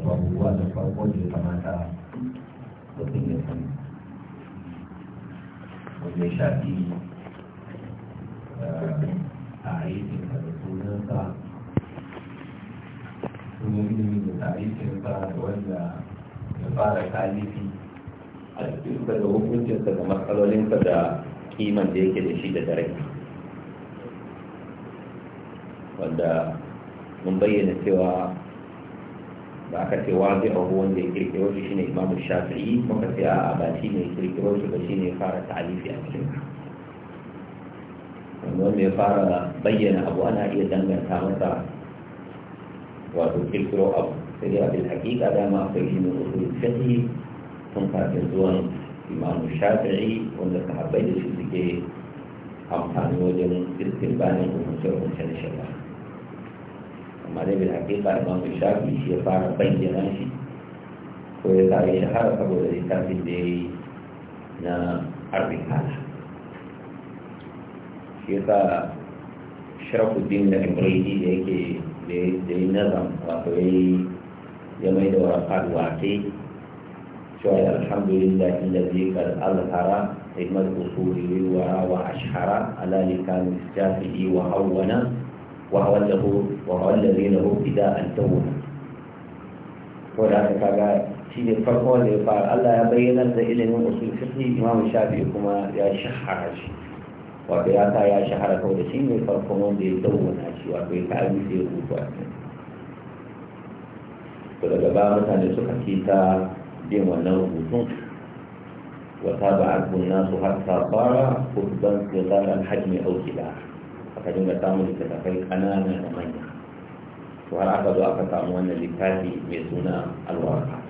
babban da farko da ya kamata mutum ya sani wanda ya shafi tarihinsa da sunansa sunan ilimin da tarihinsa da wanda ya fara talifi a cikinsa da hukuncinsa da matsalolinsa da kiman da yake da shi da dare wanda mun bayyana cewa da aka ce wazi wanda ya kirkiro shi shine imamu shafi'i muka ce a ba shi ne kirkiro shi ba shi ne fara ta'alifi a cikin wanda ya fara bayyana abu ana iya danganta masa wato kirkiro abu sai a bil hakika dama akwai shi ne usul fiqh tun kafin zuwan imamu shafi'i wanda sahabbai da shi suke amfani wajen kirkir bayan hukunce-hukuncen shari'a amma dai bil haƙiƙa imam shafi shi ya fara bayyana shi ko ya sa ya shahara saboda littafin da ya yi na arbitala shi ya sa sharafuddin da ibrahim da yake da yi nazam wato ya yi ya mai da warafat wake cewa alhamdulillah illazi kad alhara hikmat usuli wa wa ashhara ala likan shafi'i wa hawwana ورأى الذين هم إداء التوبة ولا تكاكا شيء فرقوا لي فعل الله يبين الزئل من أصول فقه إمام الشافعي كما يا شحر شيء وفي آتا يا شحر كود شيء من فرقوا لي التوبة شيء وفي تعالي في الوقوف أكثر فلقى بابا تاني سوكا كيتا بيم ونوه بطنك وتابع الناس حتى صار خطبا قطار الحجم أو كلاح فكذلك تعمل كتفيك أنا من أمينك to har aka zo aka samu wannan littafi mai suna alwaraka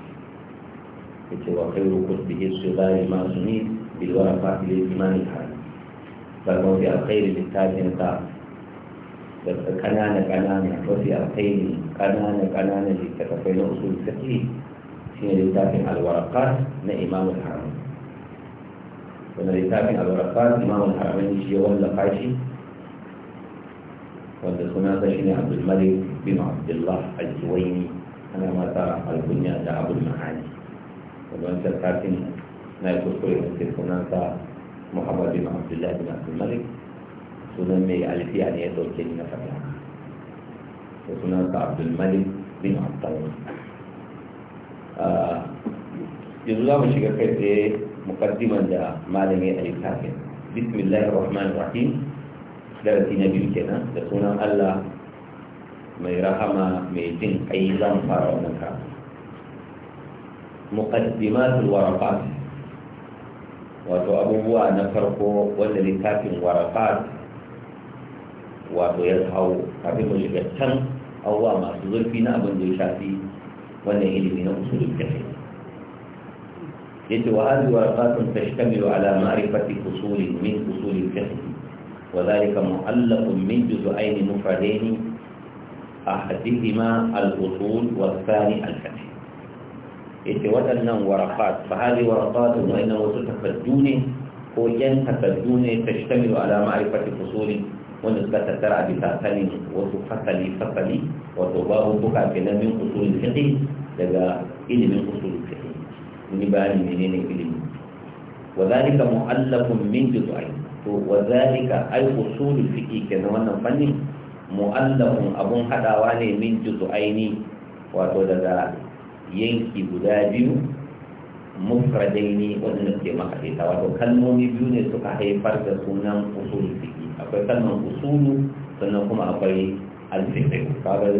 yace wa khairu kutbihi sudari ma suni bil waraka lil imani hadi bal ma fi alkhairi littafin ka da kanana kanana wa fi alkhairi kanana kanana littafai na usul fiqh shine littafin alwaraqat na imam al-haram wannan littafin alwaraqat imam al-haram shi ya wallafa shi wanda sunan sa shine abdul malik بن عبد الله الجويني أنا ما ترى البنية ده أبو المعاني ومن سكاتن نايكو سوري سيكونانتا محمد بن عبد الله بن عبد الملك سنن مي ألفي يعني يدور كلمة فتاة وسنانتا عبد الملك بن عبد الله yanzu za mu shiga kai tsaye mukaddiman da malami a littafin bismillahir rahmanir rahim darasi na sunan Allah mai rahama mai jin kai zan fara wannan ka muqaddimatul warqat wato abubuwa na farko wanda littafin warqat wato ya kawo kafin mu shiga can awwa masu zurfi na abin da ya shafi wannan ilimi na usulul fiqh yace wa hadhihi warqatun tashtamilu ala ma'rifati usulin min usulil fiqh وذلك معلق من جزئين مفردين أحدهما الأصول والثاني الفتح يتوالنا ورقات فهذه ورقات وإن وصول تفجون هو ين تفجون تشتمل على معرفة فصول ونسبة ترى بفصل وتفصل فصل وتباه بكى كنا من أصول الفقه لذا إلي من أصول الفقه نبالي منين إلي وذلك مؤلف من جزئين وذلك أي أصول الفقه كنا ونفنه mu'allafun abun hadawa ne min aini wato daga yanki guda biyu mufradaini wadanda ke makaɗaita wato kalmomi biyu ne suka haifar da sunan usul fiki akwai kalmar usulu sannan kuma akwai alfiqi kaga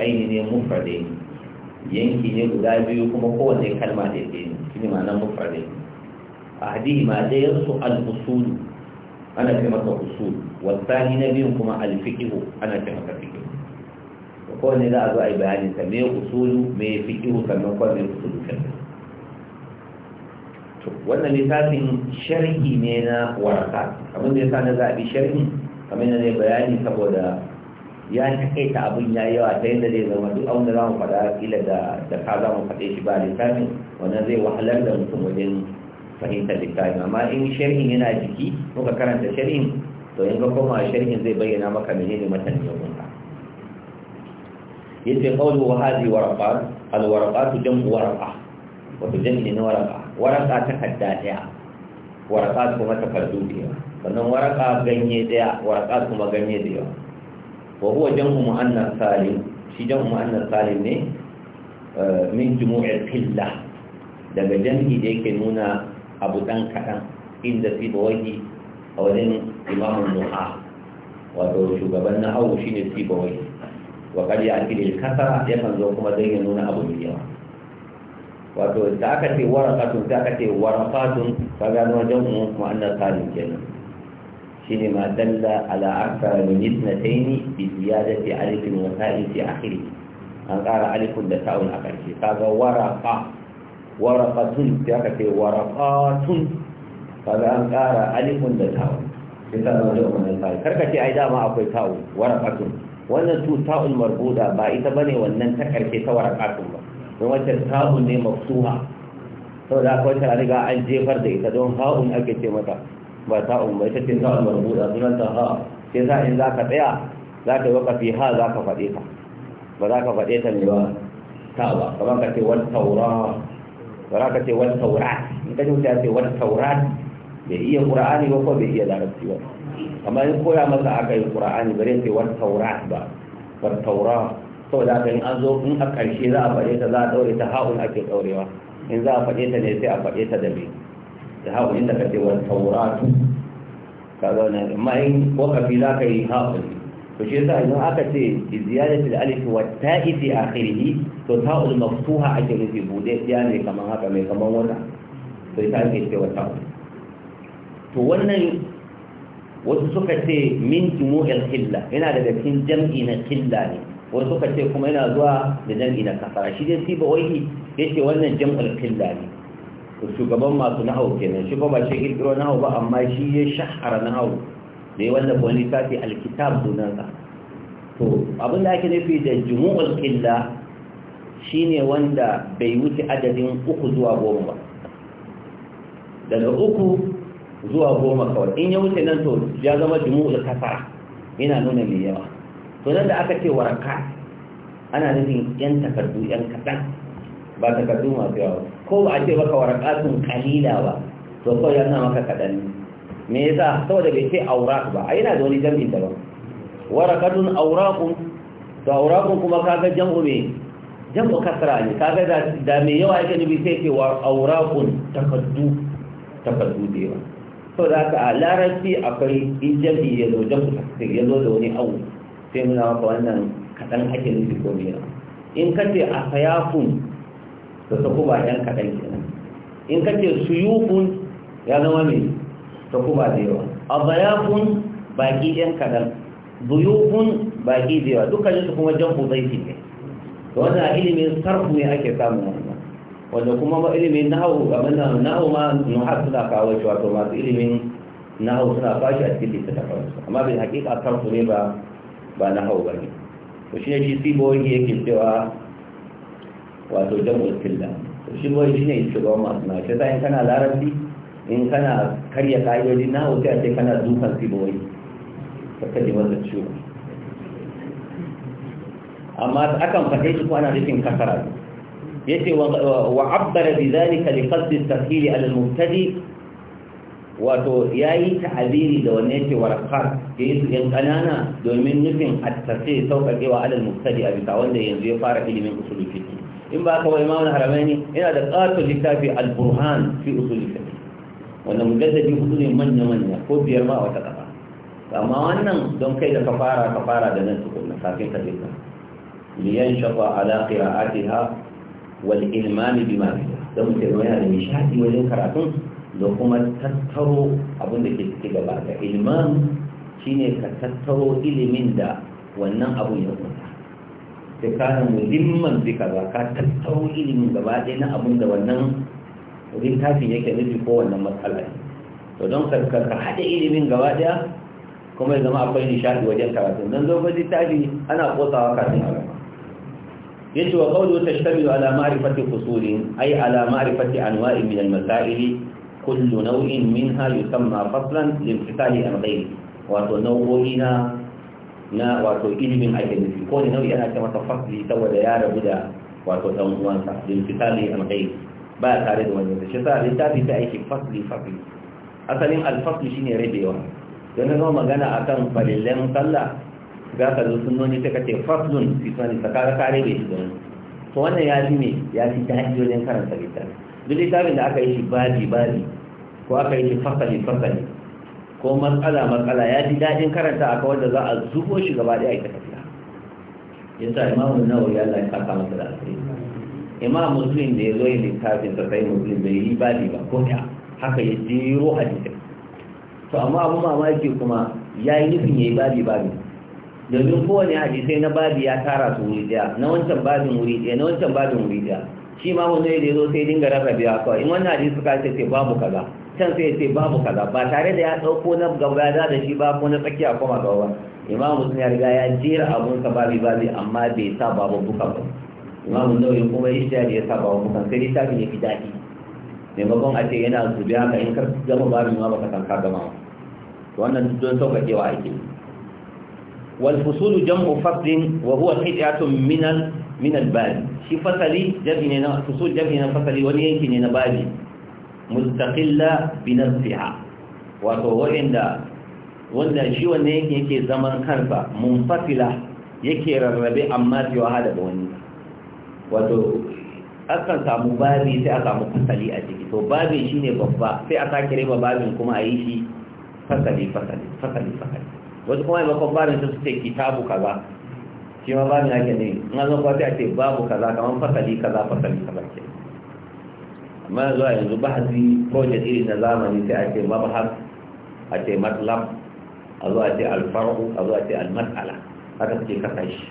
aini ne mufradaini yanki ne guda biyu kuma kowanne kalma da ne ne ma'anar mufradaini a hadihi ma dai yasu al-usulu ana ce masa usul wasani na biyun kuma alfiqihu ana ce masa fiqihu to ko ne za a zo a yi bayani ta me usulu me fiqihu sannan ko me usulu kenan to wannan littafin sharhi ne na waraka abin da yasa na za a bi sharhi kamar yadda ne bayani saboda ya ta abin ya yi yawa ta yadda zai zama duk abin da za mu faɗa kila da ka za mu faɗe shi ba littafin wannan zai wahalar da mutum wajen fahimtar littafin amma in sharhin yana jiki muka karanta sharhin to in ga koma sharhin zai bayyana maka mata matan ya kunta ya kawo wa hadhi warqat su jan jam'u warqa jan ne na warqa warqa ta kadda daya su kuma ta fardu daya sannan warqa ganye daya su kuma ganye yawa wa huwa jam'u muannas salim shi jan muannas salim ne eh, min jumu'ar fila. daga jam'i da yake nuna abu dan kaɗan inda fi bawai a wajen imamun nuha wato shugaban na awu shi ne fi bawai wa ƙarya a filin kasa yakan zo kuma zai ya nuna abu mai yawa wato da aka ce warakatun da aka ce warakatun ka gano wajen umu kuma an na tsarin kenan shi ne ma dalla ala akthar min ithnatayn bi ziyadati alifin wa ta'in fi akhirih an ƙara alifun da ta'un a ƙarshe wara waraka waraqatun sai aka ce waraqatun kaga an ƙara alifun da ta'u. sai ta zama da wannan ta'un karka ce ai dama akwai ta'un waraqatun wannan tu ta'un marbuda ba ita bane wannan ta karshe ta waraqatun ba don wacce ta'u ne mafsuha saboda akwai ta riga an jefar da ita don ha'un ake ce mata ba ta'un ba ita ce ta'un marbuda sunan ta ha sai za in zaka tsaya zaka yi fi ha zaka faɗe ta ba za ka faɗe ta ne ba Ta'u ba kamar ka ce wani taura ba ka ce wani taurat in ka ce ya ce wani taurat bai iya qur'ani ba ko bai iya larabci ba amma in koya masa aka yi qur'ani bare sai wani taurat ba wani taura saboda haka in an zo in a karshe za a faɗe ta za a ɗaure ta ha'un ake ɗaurewa in za a faɗe ta ne sai a faɗe ta da me da ha'un inda ka ce wani tauratu ka zaune amma in ko kafi za ka yi ha'un to shi yasa idan aka ce bi ziyadati al-alif wa ta'i fi akhirih to ta'ul maftuha ake nufi bude ya ne kaman haka mai kaman wata to ta ake ce wata. to wannan wasu suka ce min jumu'il khilla yana daga cikin jam'i na khilla ne wasu suka ce kuma yana zuwa da jam'i na kafara shi dai siba wai yace wannan jam'ul khilla ne shugaban masu na'au kenan shi ba shi kirkiro na'au ba amma shi ya shahara na'au da ya wallafa wani tafi alkitab sunansa to abin da ake nufi da jumu'ul qilla shine wanda bai wuce adadin uku zuwa goma ba daga uku zuwa goma kawai in ya wuce nan to ya zama jumu'ul kasara ina nuna mai yawa to nan da aka ce waraka ana nufin yan takardu yan kaɗan ba takardu masu yawa ko ba a ce baka warakatun kalila ba to kawai yana maka kaɗan ne me yasa saboda bai ce auraq ba ai yana da wani jam'i daban waraqatun auraqun to auraqun kuma kaga jam'u ne jam'u kasra ne kaga da da me yawa yake nufi sai ke wa auraqun takaddu takaddu dai ba to da ka larabci akwai in jam'i ya zo jam'u takaddu ya zo da wani awu sai muna ba wannan kadan ake nufi ko me in kace afayafun to ta kuma yan kadan kenan in kace suyufun ya zama me ta kuma da yawa a adayafun baki ɗan kaɗan duyufun baki da yawa dukkanin su kuma zai zaifi ne wanda wannan ilimin sarfu ne ake samun wannan wanda kuma ilimin nahawu abin da nahawu ma nuhar suna kawo shi wato masu ilimin nahawu suna fashi a cikin littattafan su amma bin hakika sarfu ne ba ba nahawu ba ne to shi ne shi sibo yake cewa wato jam'ul killa to shi boye shi ne shugaban masu na shi ta yin kana larabci in kana karya ka'idodi na wuce a ce kana dukan siboyi ka ji masa ciwo amma akan faɗe shi ko ana nufin kasara yace wa abbara bi zalika li qasdi at-takhil ala al-mubtadi wato yayi ta'abiri da wanne yake warqat yayi su yan kanana domin nufin at-takhil sauƙaƙewa ala al-mubtadi a bisa wanda yanzu ya fara ilimin usul fiqh in ba ka wai imamu haramaini Ina da qatul littafi al-burhan fi usul fiqh wanda mujaddadi hudu ne manya-manya ko biyar ba wata kafa amma wannan don kai da ka fara ka fara da nan tukunna kafin ka dinka liyan shafa ala qira'atiha wal ilmami bima Don da mutum yana da nishadi wajen karatun da kuma tattaro abin da ke cike gaba ga ilman shine ka tattaro ilimin da wannan abun ya kunta sai ka muhimman bi kaza ka tattaro ilimin gaba ɗaya na abun da wannan tafi yake nufi ko wannan matsala to don karkar haɗe ilimin gaba ɗaya kuma ya zama akwai nishaɗi wajen karatun don dogon tafi ana kosawa kafin a gama yace wa qawlu tashtamilu ala ma'rifati fusulin ay ala ma'rifati anwa'in min al-masail kullu naw'in minha yusamma faslan limtithali an ghayri wato nau'o'i na na wato ilimin identity ko ne nau'i ana cewa fasli saboda ya rabu da wato dan uwansa limtithali an ghayri ba tare da wani shi sa littafi ta aiki fasli fasli asalin alfasli shine rabewa don na zama magana akan falilan sallah ga ka zo sunnoni sai ka ce faslun fi sunani sakara kare bai shi don to wannan ya fi ne ya fi ta hanyoyin karanta littafi duk littafin da aka yi shi babi babi ko aka yi shi fasali fasali ko matsala matsala ya fi daɗin karanta a kawai da za a zubo shi gaba ɗaya ta tafiya yasa imamu nawawi Allah ya a masa da alheri imam muslim da ya zo yin littafin da sai muslim bai yi bali ba ko ya haka ya jero hadisi to amma abu mamaki kuma ya yi nufin ya yi babi ne domin kowane hadisai na babi ya tara su wuri daya na wancan babin wuri daya na wancan babin wuri daya shi ma wani da ya zo sai dinga rarrabewa kawai in wannan hadisi suka ce babu kaza can sai ce babu kaza ba tare da ya ɗauko na gaba da shi ba ko na tsakiya kuma gaba ba imam muslim ya riga ya jera abun sa babi babi amma bai sa babu buka ba imamu nauyi kuma ishtihadi ya saba wa kukan sai littafin ya fi daɗi maimakon a ce yana zube haka in ka gama babin ma baka san ka gama to wannan don wa ake wal fusulu jam'u faslin wa huwa qit'atun min al min al bab shi fasali jam'i ne na fusul jam'i na fasali wani yanki ne na babi mustaqilla bi nafsiha wato wanda wanda shi wannan yanki yake zaman kansa munfasila yake rarrabe amma fi wahala da wani wato akan samu babi sai a samu fasali a ciki to babi shine babba sai a sake riba babin kuma a yi shi fasali fasali fasali fasali wasu kuma maimakon babin su ce kitabu kaza shi ma babin ake ne in an zama sai a ce babu kaza kamar fasali kaza fasali kaza ke amma a yanzu bahasi project irin na zamani sai a ce mabahas a ce matlab a zuwa ce alfaru a zuwa ce almas'ala haka suke kasa shi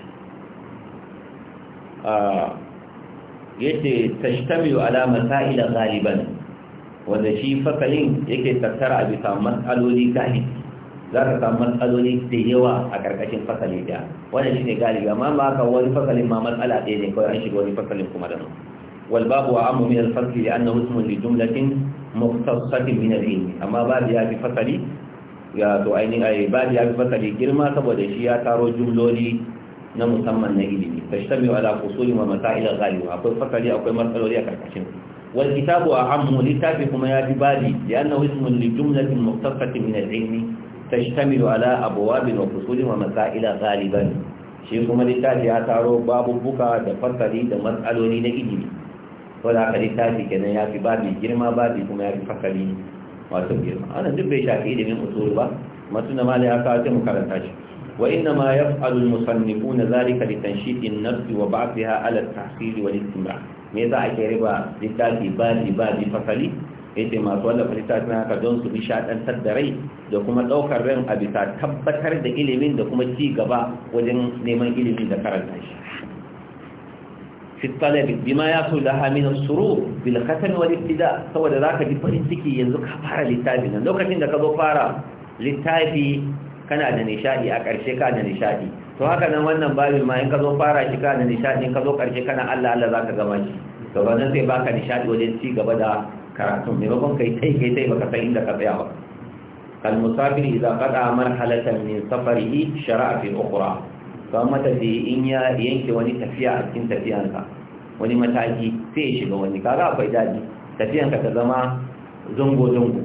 ah, yace tashtamilu ala masail galiban wanda shi fasalin yake tattara a bisa matsaloli galibi za ka samu matsaloli da yawa a karkashin fasali da wannan shine galibi amma ba ka wani fasalin ma matsala ɗaya ne kawai an shiga wani fasalin kuma da mu والباب أعم من الفصل لأنه اسم لجملة مختصة jumlatin العلم أما بعد هذه فصل ya to ainihin ai ba ya fi fasali girma saboda shi ya taro jumloli na musamman na ilimi fashtabiu ala usuli wa masail ghaliba akwai fakari akwai matsaloli a karkashin wal kitabu ahammu littafi kuma ya fi bali li'annahu ismun li jumlatin muqtasatin min al-ilmi tashtamilu ala abwabin wa fusulin wa masail ghaliban shi kuma littafi ya taro babubuka da fasali da matsaloli na ilimi wadda aka littafi kenan ya fi babi girma babi kuma ya fi fasali wato girma ana duk bai shafi ilimin usulu ba masu da mali aka wace mu karanta shi وإنما يفعل المصنفون ذلك لتنشيط النفس وبعثها على التحصيل والاستمرار ماذا أكرب لتاتي بادي بادي فصلي yace masu wallafa littafin haka don su nishaɗantar da rai da kuma ɗaukar ran a bisa tabbatar da ilimin da kuma ci gaba wajen neman ilimin da karanta shi fitalabi bima ya so da haminan suru bilkatan wani fida saboda za ka ji farin ciki yanzu ka fara littafi nan lokacin da ka zo fara littafi kana da nishaɗi a ƙarshe ka da nishadi to haka nan wannan babin ma in ka zo fara shi ka da nishadi in ka zo ƙarshe kana Allah Allah zaka gama shi to ba nan sai baka nishaɗi wajen ci gaba da karatun babban kai tai kai tai baka san inda ka tsaya ba kal musafir idza qada marhalatan min safarihi shara'a fi ukhra to bi in ya yanke wani tafiya a cikin wani mataki sai ya shiga wani kaga akwai daɗi tafiyanka ta zama zungo zungo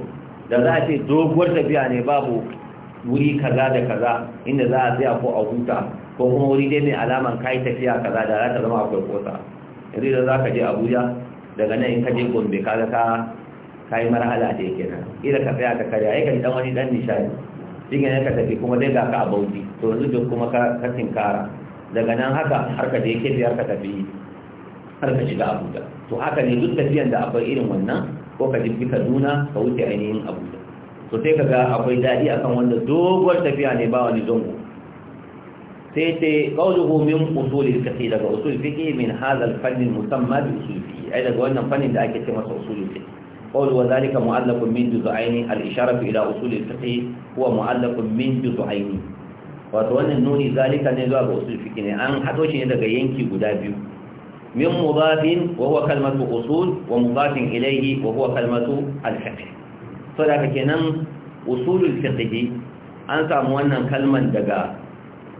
da za a ce doguwar tafiya ne babu wuri kaza da kaza inda za a tsaya ko a huta ko kuma wuri dai mai alaman kai tafiya kaza da za ta zama akwai kosa yanzu da za ka je abuja daga nan in ka je gombe ka ga ka yi marhala da yake nan ila ka tsaya ka karya ya kan dan wani dan nishadi shi ne ka tafi kuma dai ga ka a bauti to yanzu duk kuma ka tinkara daga nan haka har ka je ke biyar ka tafi har ka shiga abuja to haka ne duk tafiyan da akwai irin wannan ko ka jirgi kaduna ka wuce ainihin abuja to sai kaga akwai dadi akan wanda dogon tafiya ne ba wani zango sai ce qawluhu min usul al-fiqh daga usul fiqh min hadha al-fann al-musamma bi usul ai daga wannan fannin da ake ce masa usul fiqh qawlu wa dhalika mu'allaqun min juz'ayn al-isharatu ila usul al-fiqh huwa mu'allaqun min juz'ayn wato wannan nuni zalika ne zuwa ga usul fiqh ne an hado shi ne daga yanki guda biyu Min من مضاف وهو كلمة أصول ومضاف إليه وهو كلمة الفقه so da ka kenan usulul fiqhi an samu wannan kalman daga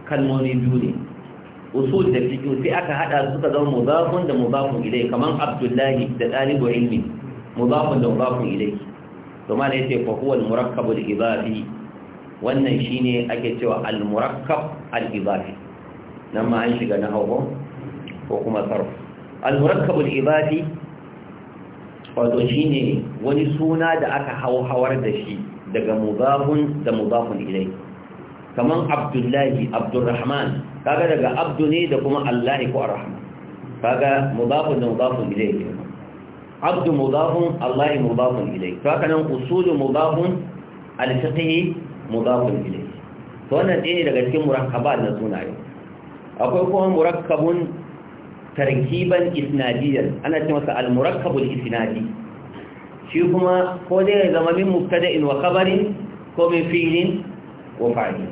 kalmomi biyu ne usul da fiqh sai aka hada suka zama mudafun da mudafun ilai kaman abdullahi da Dalibu ilmi mudafun da mudafun ilai to malai sai fa huwa al-murakkab al-idafi wannan shine ake cewa al-murakkab al-idafi nan ma an shiga na hawo ko kuma sarf al-murakkab al-idafi wato ne wani suna da aka hauhawar da shi daga mudafun da mudafun ilai kaman abdullahi abdurrahman kaga daga abdu ne da kuma allahi ko arrahman kaga mudafun da mudafun ilai abdu mudafun allahi mudafun ilai to haka nan usulu mudafun al-fiqhi mudafun ilai to wannan ɗaya ne daga cikin murakkabat na sunaye akwai kuma murakkabun tarkiban isnadiyan ana ce masa al-murakkabul isnadi shi kuma ko dai zama min mubtada'in wa khabarin ko min fi'lin wa fa'il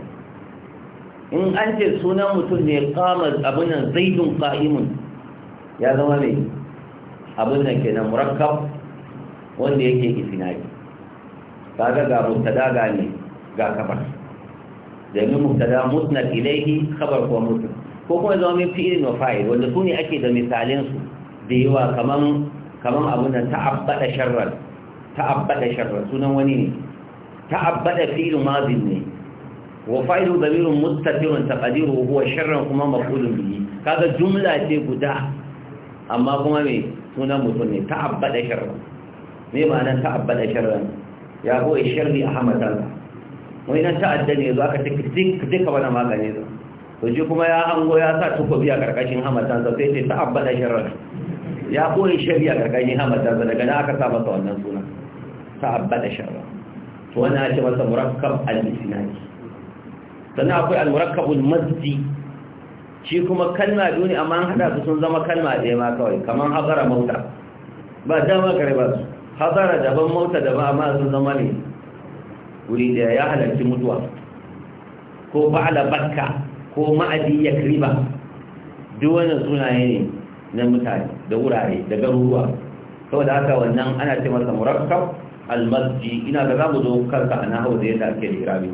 in an ce sunan mutum ne qama abun nan zaidun qa'imun ya zama mai abun nan kenan murakkab wanda yake isnadi kaga ga mubtada ga ne ga khabar domin mubtada musnad ilayhi khabar ko mutum. ko kuma zama min fi'ilin wa fa'il wanda su ne ake da misalin su da yawa kaman kaman abun nan ta'abbada sharran ta'abbada sharran sunan wani ne ta'abbada fi'il madin ne wa fa'ilu dhamirun mustatirun taqdiruhu huwa sharran kuma maf'ulun bihi kaga jumla ce guda amma kuma me sunan mutum ne ta'abbada sharran me ma'ana ta'abbada sharran ya ko sharri ahmadan wai nan ta'adda ne zaka take dik duka wannan magani zaka to ji kuma ya hango ya sa tukobi a karkashin hamatansa sai ce ta abada shirar ya koyi shari a karkashin hamatansa daga na aka sa masa wannan suna ta abada shirar to wani ya ce masa murakkab al-isnadi sannan akwai al-murakkabul mazdi shi kuma kalma biyu ne amma an hada su sun zama kalma ɗaya ma kawai kamar hazara mauta ba dama kare ba su hazara daban mauta daban amma sun zama ne wuri da ya halarci mutuwa ko fa'ala bakka ko ma'adi ya kriba sunaye ne na mutane da wurare da garuruwa saboda haka wannan ana ce masa murakkab almasji ina da mu zo karka a nahawu da yadda ake lirabi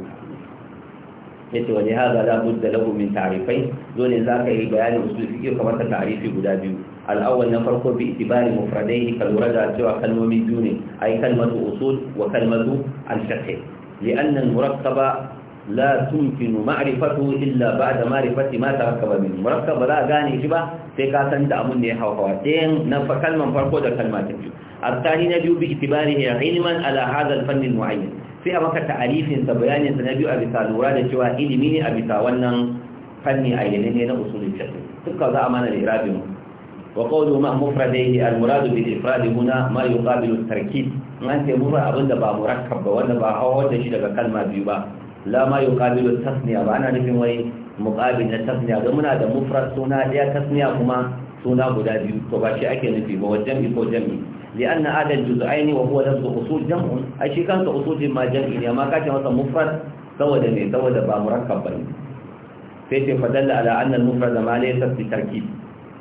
yace wani haza la budda da min ta'rifai dole za ka yi bayanin usul fiqh kamar ta ta'rifi guda biyu al na farko bi itibari mufradaihi kal murada cewa kalmomi biyu ne ai kalmatu usul wa kalmatu al-fiqh لأن المركب la tumkinu ma'rifatu illa ba'da ma'rifati ba tarakkaba min murakkab ba gane shi ba sai ka san da abun ne ya hawa ɗayan na kalman farko da kalma ta biyu الثاني نبي باعتباره علما على هذا الفن المعين sai a maka ta'arifin sa bayanin sa na biyu a bisa lura da cewa ilimi ne a bisa wannan fanni a ne na usulul fiqh duka za a mana irabin wa qawlu ma mufradaihi al murad bil ifrad huna ma yuqabilu at tarkib an ce mufrad abinda ba murakkab ba wanda ba hawa da shi daga kalma biyu ba lama yi ƙabilun tasniya ba ana nufin wai muƙabil na tasniya don muna da mufrat suna ɗaya tasniya kuma suna guda biyu to ba shi ake nufi ba wajen ko jami li an na adal juzu aini wa huwa lafzu usul jam'un a shi kansa usulin ma jam'i ne amma kace masa mufrat saboda ne saboda ba murakkab bane sai ce fadalla ala anna al mufrad ma laysa bi tarkib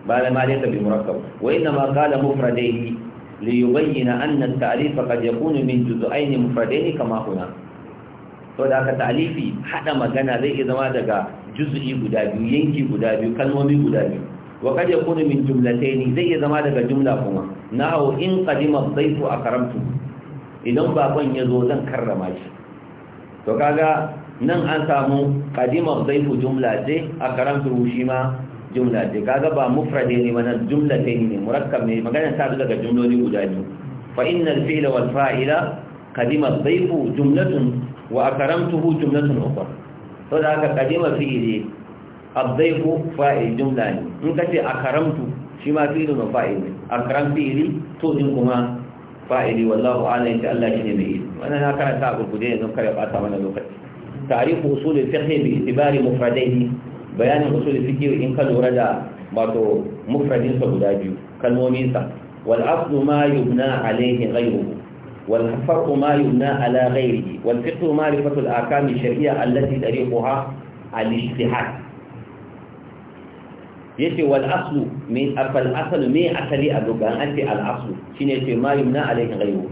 ba la ma laysa bi murakkab wa inna ma qala mufradaini li yubayyana anna al ta'rif qad yakunu min juzu aini mufradaini kama huna sau da aka talifi haɗa magana zai iya zama daga juzu'i guda biyu yanki guda biyu kalmomi guda biyu wa kad yakunu min jumlatayn zai iya zama daga jumla kuma na'u in qadima dhayfu akramtu idan bakon yazo zan karrama shi to kaga nan an samu qadima dhayfu jumla ce akramtu shi ma jumla ce kaga ba mufrade ne ba nan jumlatayn ne murakkab ne magana ta daga jumloli guda biyu fa innal fi'la wal fa'ila qadima dhayfu jumlatun wa akramtuhu jumlatun ukhra to da aka kadima fi'ili abdaifu fa'il jumla ne in kace akramtu shi ma fi'ilun wa fa'il ne akram fi'ili to din kuma fa'ili wallahu a'lam insha Allah ne mai ilmi wannan na karanta a gurgude yanzu kare ba ta mana lokaci ta'rifu usul al-fiqh bi itibari mufradaihi bayanin usul al-fiqh in ka lura da wato mufradin sa guda biyu kalmomin sa wal aslu ma yubna alayhi ghayruhu والفرق ما يبنى على غيره والفقه معرفة الأحكام الشرعية التي طريقها الاجتهاد yace wal aslu min afal aslu me asali a dogan ake al aslu shine yace ma yumna alayhi ghayru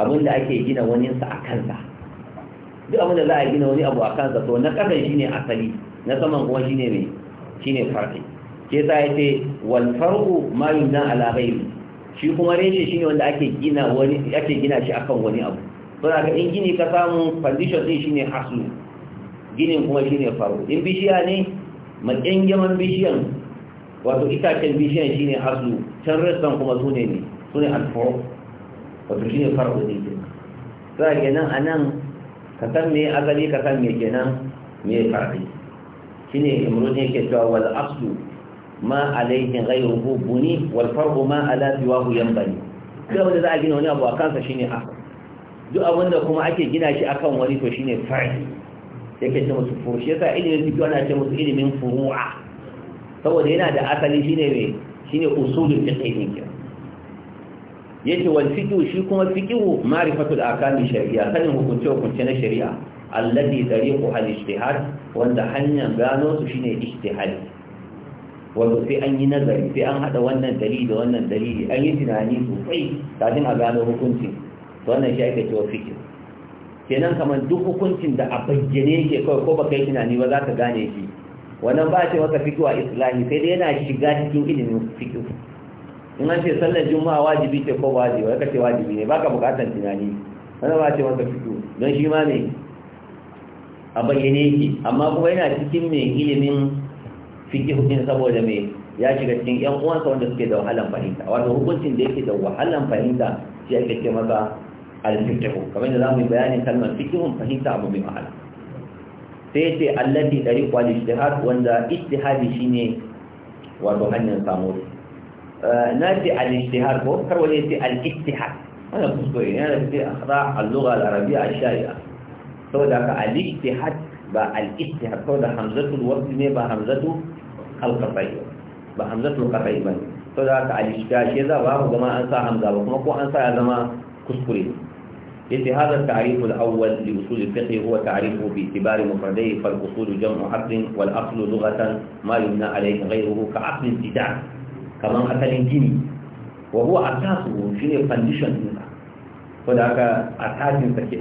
abinda ake gina wani sa akan duk abinda za a gina wani abu akan sa to na kasan shine asali na saman kuma shine me ke yace wal farqu shi kuma reshe ne wanda ake gina wani ake gina shi akan wani abu don haka in gini ka samu condition din shine hasu. ginin kuma shine faru in bishiya ne makyangaman bishiyan wato itacen bishiyan shine hasu. can restan kuma su ne sune su ne alfaro wato shine faru ne ke sai nan anan ka san me azali ka san me kenan me faru shine imrudin yake cewa wal aslu ma alaihi ghayruhu buni wal farqu ma ala siwahu yanbani duk wanda da za a gina wani abu a kansa shine a duk abin kuma ake gina shi akan wani to shine fari yake ce musu furu shi yasa ilimin fiqh ana ce musu ilimin furu'a saboda yana da asali shine me shine usulul fiqh din ke yace wal fiqh shi kuma fiqh ma'rifatul ahkam shari'a sanin hukunce hukunce na shari'a allati tariqu al ijtihad wanda hanyar gano su shine ijtihad wato sai an yi nazari sai an hada wannan dalili da wannan dalili an yi tunani sosai kafin a gano hukunci to wannan shi ake cewa fikir kenan kamar duk hukuncin da a bayyane yake kawai ko baka yi tunani ba za ka gane shi wannan ba ce maka fikir a islami sai dai yana shiga cikin ilimin fikir in an ce sallar juma'a wajibi ce ko wajibi wai kace wajibi ne baka bukatar tunani wannan ba ce maka fikir don shi ma ne a bayyane yake amma kuma yana cikin mai ilimin fiqh din saboda me ya shiga cikin yan uwansa wanda suke da wahalan fahimta wato hukuncin da yake da wahalan fahimta shi ake ce masa al-fiqh kamar da mu yi bayanin kalmar fiqh fahimta abu mai wahala sai ce allati dari al-ijtihad wanda ijtihadi shine wato hanyar samu eh, na ce al-ijtihad ko kar wani ce al-ijtihad wannan kuskure ne da ce akhra al-lugha al-arabiyya al-shari'a saboda ka al-ijtihad ba al-ijtihad saboda hamzatul wasl ne ba hamzatu alƙarfai ba hamzatul ƙarfai ba to da haka alishka shi za ba mu zama an sa hamza ba kuma ko an sa ya zama kuskure yace hada ta'rifu al-awwal li usul al-fiqh huwa ta'rifu bi itibari mufradai fal usul jam'u aqd wal asl lughatan ma yubna alayhi ghayruhu ka aqd ibtida kaman asalin gini wa huwa asasu shine foundation din ka to da haka asasin sa ke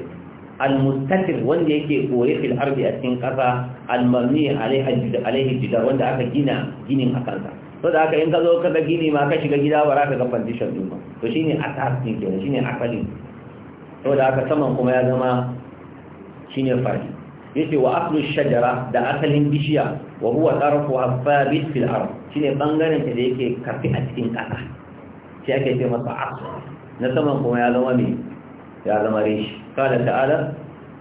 al wanda yake koye fil ardi a cikin ƙasa, al-mabni alaihi jidar wanda aka gina ginin a kansa to da aka in kazo zo gini ma ka shiga gida ba za ka ga foundation din ba to shine asas ne kenan shine asali to da aka saman kuma ya zama shine fari yace wa aslu shajara da asalin bishiya wa huwa tarfu thabit fil ard shine bangaren ta da yake kafi a cikin ƙasa. sai ake ce masa asl na saman kuma ya zama me. ya zama reshi kala ta'ala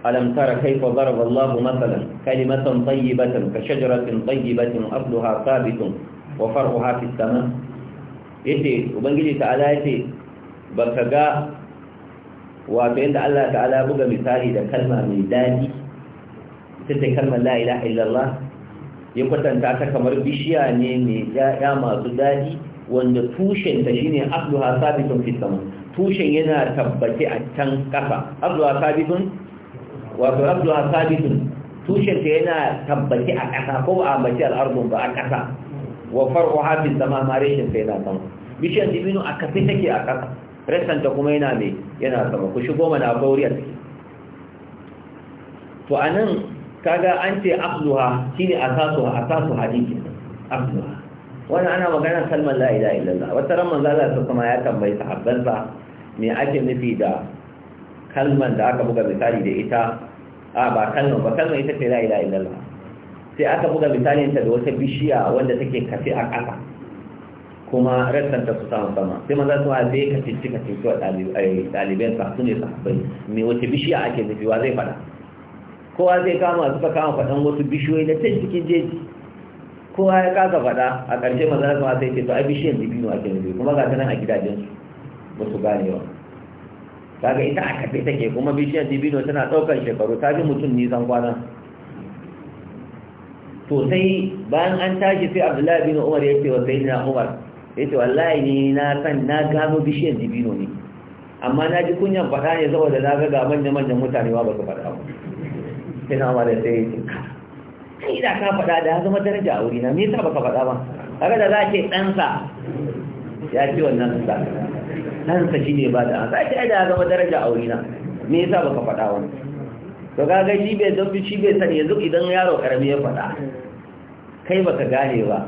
alam tara kaifa daraba Allah mathalan kalimatan tayyibatan ka shajaratin tayyibatin asluha thabitun wa far'uha fis sama yace ubangiji ta'ala yace baka ga wato yadda Allah ta'ala buga misali da kalma mai daɗi ita ce kalmar la ilaha illallah ya kwatanta ta kamar bishiya ne mai ya masu daɗi wanda ta shine asluha sabitun fis sama tushen yana tabbaci a can ƙasa abduwa sabitun wato abduwa sabitun tushen ta yana tabbaci a ƙasa ko a mace al'arbun ba a ƙasa wa farko hafin zama mareshin ta yana sama bishiyar dibino a kafin take a ƙasa restanta kuma yana mai yana sama ku shigo mana akwai wuriyar take to a nan kaga an ce abduwa shine a asasu hadisi abduwa wannan ana maganar Salman la ilaha illallah wata ran manzo Allah ya kuma ya tambayi sahabbansa me ake nufi da kalman da aka buga misali da ita a ba kalmar ba kalman ita ce la ilaha illallah sai aka buga misalin ta da wata bishiya wanda take kafi a ƙasa kuma rassanta su samu sama sai maza su ma zai kace cika ce su ɗaliban sa sune ne sahabbai me wace bishiya ake nufi wa zai faɗa kowa zai kama su ka kama faɗan wasu bishiyoyi da ta cikin jeji kowa ya kasa faɗa a ƙarshe maza su ma sai ce to ai bishiyan dibino ake nufi kuma ga tana a a gidajensu ba su gane wa kaga ita a kafe take kuma bishiyar dibino tana ɗaukar shekaru ta fi mutum nisan kwanan to sai bayan an tashi sai abdullahi bin umar ya ce wa sai na umar ya ce wallahi ne na san na gano bishiyar dibino ne amma na ji kunyan fata ne saboda na ga ga manya-manyan mutane ba su fata ba sai na umar ya sai kai da ka faɗa da ya zama daraja a wurina me yasa ba ka faɗa ba kaga da za ke ɗansa ya ce wannan sa ɗansa shi ne ba da haka ai ya zama daraja a wurina me yasa baka faɗa wani to kaga shi bai don shi bai sani yanzu idan yaro karami ya faɗa kai baka gane ba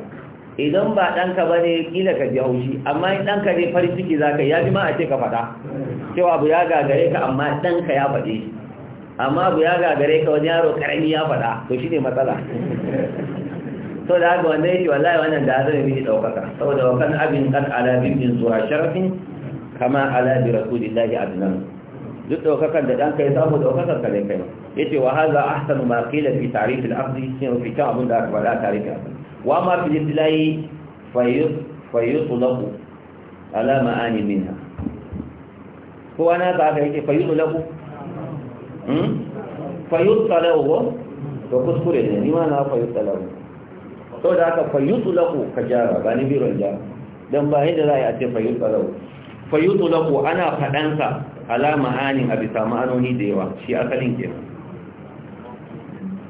idan ba ɗanka ba ne kila ka ji haushi amma in ɗanka ne farin ciki za ka ya ji ma a ce ka faɗa cewa abu ya gagare ka amma ɗanka ya faɗe amma abu ya gagare ka wani yaro karami ya faɗa to shi ne matsala to da haka wannan yake wallahi wannan da zai mini ɗaukaka saboda wakan abin kan alabin min zuwa sharafin كما على برسول الله أدنان جد وككا ددان كي تابد وككا كذلك يتي وهذا أحسن ما قيل في تعريف الأخذ سنو في كعب دارك ولا تعريف الأخذ وما في الإبتلاي فيض فيطلق على ما آني منها هو أنا تعرف يتي فيطلق فيطلق وكذكر إذن لماذا فيطلق so da aka fayyutu lahu kajara ba ni biro ja dan ba hidaya ce fayyutu lahu fayutulaku ana faɗansa alama ma'anin a bisa ma'anoni da yawa shi asalin ke.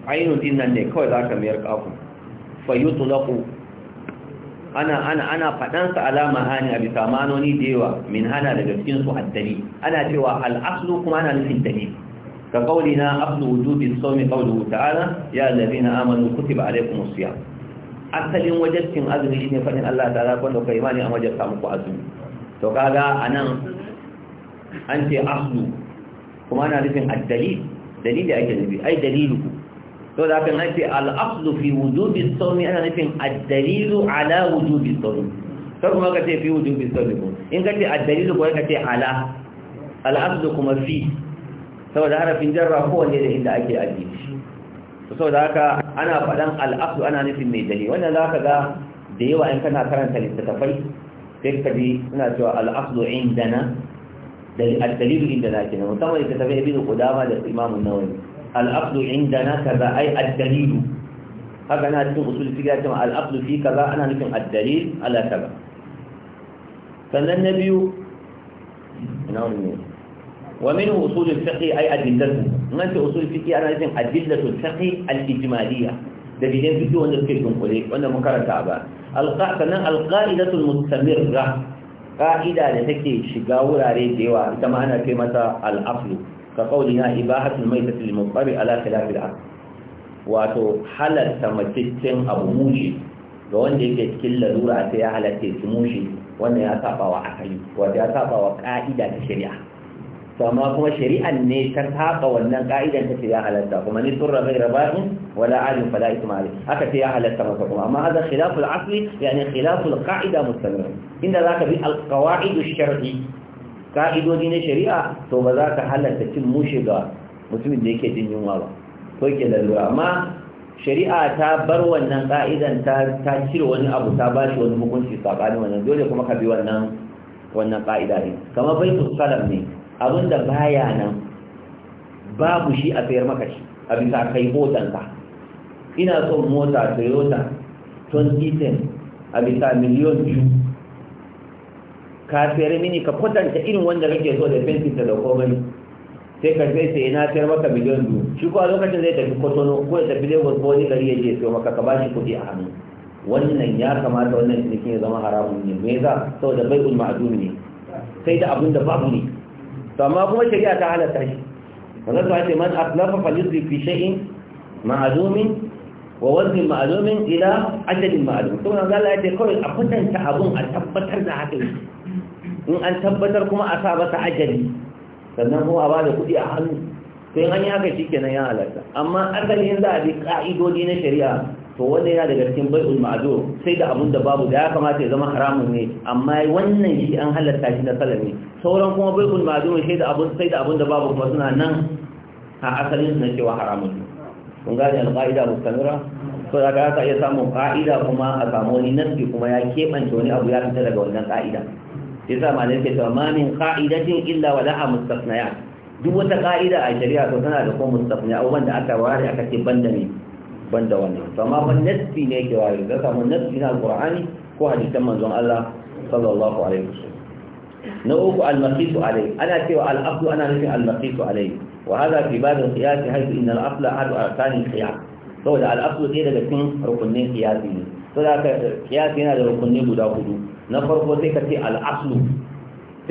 ainihin dinnan ne kawai za ka mayar kafin fayutulaku ana ana ana faɗansa alama ma'anin a bisa ma'anoni da yawa min hana daga cikinsu su addali ana cewa al'aslu kuma ana nufin dalil ka kaulina aslu wujubi sawmi qawluhu ta'ala ya zabi na ba a laifin alaykumus siyam asalin wajen wajabcin azumi ne fadin Allah ta'ala kun da kai imani an wajabta muku azumi to kaga anan an ce aslu kuma ana nufin addalil dalili ake nufi ai dalilu to da kan nace al-aslu fi wujubi as-sawmi ana nufin ad ala wujubi as-sawmi to kuma ka ce fi wujubi as-sawmi in ka ce ad-dalilu ko ka ce ala al-aslu kuma fi saboda harafin jarra ko wanne da inda ake aji to saboda haka ana fadan al-aslu ana nufin mai dalili wannan zaka ga da yawa in kana karanta littattafai تلك دي انا تو عندنا الدليل عندنا كنا وتم يتتبع به قدامة الإمام النووي الأقل عندنا كذا أي الدليل هذا أنا أتكلم أصول الفقه كما الأقل في كذا أنا أتكلم الدليل على كذا فالنبي النووي ومنه أصول الفقه أي أدلته ما في أصول الفقه أنا أتكلم أدلة الفقه الإجمالية ده بيجين فيديو وانا تكلم قليك وانا مكرر تعبان sannan alƙa'idatul mustamirra ƙa'ida da take shiga wurare da yawa ita ma ana kai mata al'aflu ka qaulina ibahatul maitati lil ala khilafil aql wato halarta mataccen abu mushi ga wanda yake cikin lalura sai ya halarta su mushi wanda ya saba wa akali ya saba wa ƙa'ida ta shari'a to amma kuma shari'an ne ta saba wannan ka'idan ta ce ya halatta kuma ni turra ghayra ba'in wala alim fala isma alayh haka ce ya halatta maka kuma amma hada khilaful asli yani khilaful qa'ida mustamir inda zaka bi al qawaid al shar'i ka'idodi na shari'a to ba za ka halatta cin mushi ga mutumin da yake jin yunwa ba ko yake lalura amma shari'a ta bar wannan ka'idan ta ta cire wani abu ta bashi wani hukunci sabani wannan dole kuma ka bi wannan wannan ka'ida ne kamar baitul salam ne abinda baya nan babu shi a sayar maka shi a bisa kai motanka ina son mota toyota 2010 a bisa miliyon biyu ka sayar mini ka kwatanta irin wanda kake so da fentinta da komai sai ka sai sai na sayar maka miliyon biyu shi kuwa lokacin zai tafi kotono ko ya tafi lagos ko wani gari ya je sai maka ka bashi kuɗi a hannu wannan ya kamata wannan cikin ya zama haramun ne me za saboda bai bai'ul ma'dum ne sai da abin da babu ne to amma kuma shari'a ta halatta shi wannan ta ce man aslafa falizri fi shay'in ma'alumin wa wazin ma'alumin ila ajalin ma'alum to nan Allah ya ce kawai a kwatanta abun a tabbatar da haka in an tabbatar kuma a sa masa ajali sannan kuma a ba da kuɗi a hannu Sai an yi haka shikenan ya halatta amma asali za a bi ka'idodi na shari'a to wanda yana daga cikin bai'ul ma'zur sai da abun da babu da ya kamata ya zama haramun ne amma wannan shi an halarta shi na salami sauran kuma bai'ul ma'zur sai da abun sai da abun da babu kuma suna nan a asalin su cewa haramun ne kun gane al-qa'ida mustamira to da ka ya iya samun qa'ida kuma a samu wani nasbi kuma ya kebanta wani abu ya fita daga wannan qa'ida yasa malai ke cewa ma min qa'idatin illa wa laha mustasnayat duk wata qa'ida a shari'a to tana da kuma mustasnaya abubuwan da aka ware aka ce banda ne banda wannan to amma ban nasbi ne yake wayo da samu nasbi na alqur'ani ko hadisan manzon Allah sallallahu alaihi wasallam na uku al-maqisu alai ana cewa al-aqlu ana nufin al-maqisu alai wa hada fi bab al-qiyas haythu inna al-aqla adu arkan al-qiyas saboda al-aqlu sai daga cikin rukunin qiyas ne to da ka eh, qiyas yana da rukunin guda hudu na farko sai ka ce al-aqlu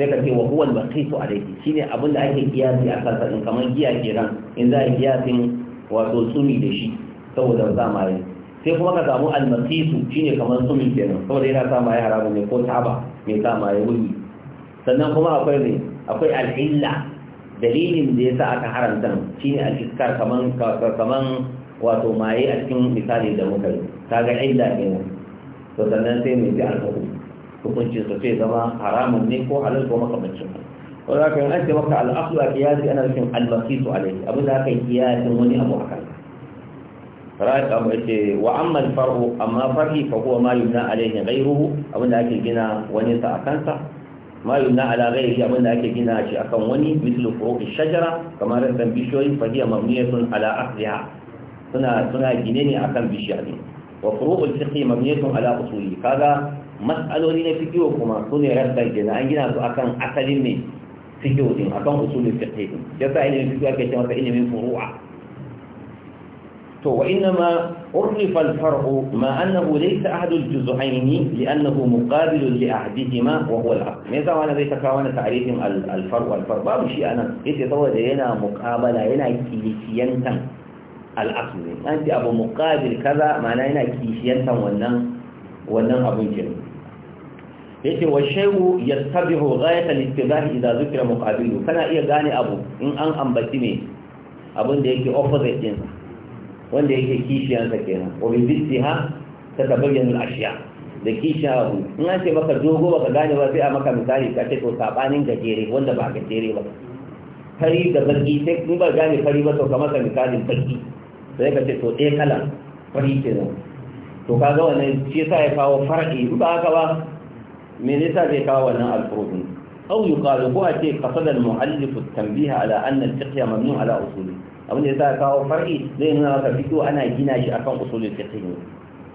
sai ka ce wa huwa al-maqisu alai shine abinda ake qiyasi a kansa din kamar giya kenan in za a qiyasin wato sumi da shi saboda ba sa maye sai kuma ka samu almasisu shine kamar sumin kenan saboda yana sa maye haramun ne ko taba mai sa maye wuri sannan kuma akwai ne akwai al'illa dalilin da ya sa aka haramta shine al'iskar kaman kaman wato maye a cikin misali da muka yi ta kaga illa ne to sannan sai mai bi alhukum hukuncin sa sai zama haramun ne ko halal ko makamancin wanda kan an ce maka al'aqla qiyasi ana cikin al-baqisu alayhi abin da aka yi qiyasin wani abu haka ce wa ammal far'u amma far'i fa huwa ma yubna alayhi ghayruhu abinda ake gina wani sa akansa ma yubna ala ghayrihi abinda ake gina shi akan wani mislu furu'i shajara kamar san bishiyoyi fa hiya mabniyatun ala asliha suna suna gine ne akan bishiya ne wa furu'ul fiqhi mabniyatun ala usuli kaga mas'aloli na fiqh kuma sune rassan gina an gina su akan asalin ne fiqh din akan usulul fiqh din yasa ilimin fiqh ake cewa ilimin furu'a تو وإنما عرف الفرع ما أنه ليس أحد الجزئين لأنه مقابل لأحدهما وهو العقل ماذا وانا زي تكاوان تعريف الفرع الفرع باب شيء أنا يتي طوى دينا مقابلة هنا كيسينتا العقل أنت أبو مقابل كذا معناه هنا كيسينتا ونن ونن أبو جن يتي والشيء يتبع غاية الاتباع إذا ذكر مقابله كان إيه غاني أبو إن أن أنبتني أبو ديكي أوفر ذاتين wanda yake kishiyansa kenan wa bi bisiha ta tabayyana al-ashiya da kishiya abu in an ce maka dogo baka gane ba sai a maka misali ka ce to sabanin gajere wanda ba gajere ba fari da baki sai in ba gane fari ba to ka maka misalin baki sai ka ce to ɗaya kalan fari ce kenan to ka ga wannan shi yasa ya kawo far'i ba haka ba me yasa zai kawo wannan alfurudin ce, يقال هو أتي قصد المؤلف التنبيه على أن الفقه ممنوع على أصوله abin da ya sa kawo far'i zai nuna maka fito ana gina shi akan usulul fiqh ne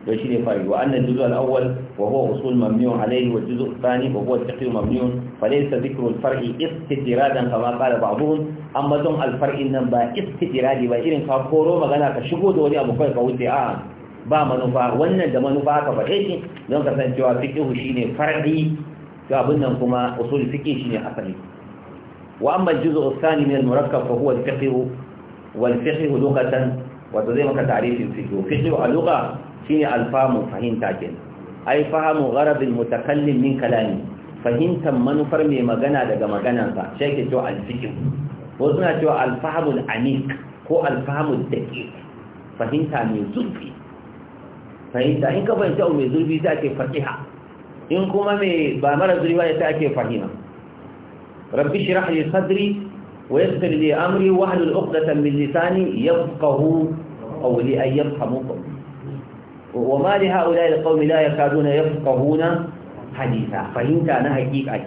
to shi ne fari wa annal juz'u al-awwal wa huwa usul mabniun alayhi wa juz'u thani wa huwa al-fiqh mabniun falaysa dhikru al-far'i istidiradan kama qala ba'dhum amma don al-far'i nan ba istidiradi ba irin ka koro magana ka shigo da wani abu kai ka wuce a ba manufa wannan da manufa ka faɗe shi don kasancewa fiqh shine far'i to abin nan kuma usul fiqh shine asali وأما الجزء الثاني من المركب al الفقه wal fiqh wato zai maka ta'rifin fiqh fiqh a lugha shine alfamu fahimta kenan ai fahamu gharadil mutakallim min kalami fahimtar manufar mai magana daga maganarsa shi ke cewa al-fiqh ko suna cewa al-fahmul amiq ko al-fahmul fahimta mai zurfi fahimta in ka fahimta mai zurfi sai ake fatiha in kuma mai ba mara sai ake fahima rabbi shrah sadri ويغفر لي أمري واحلل العقده من لساني يفقه أو لأن يفهموا قولي وما لهؤلاء القوم لا يكادون يفقهون حديثا فهمت أنا حقيقة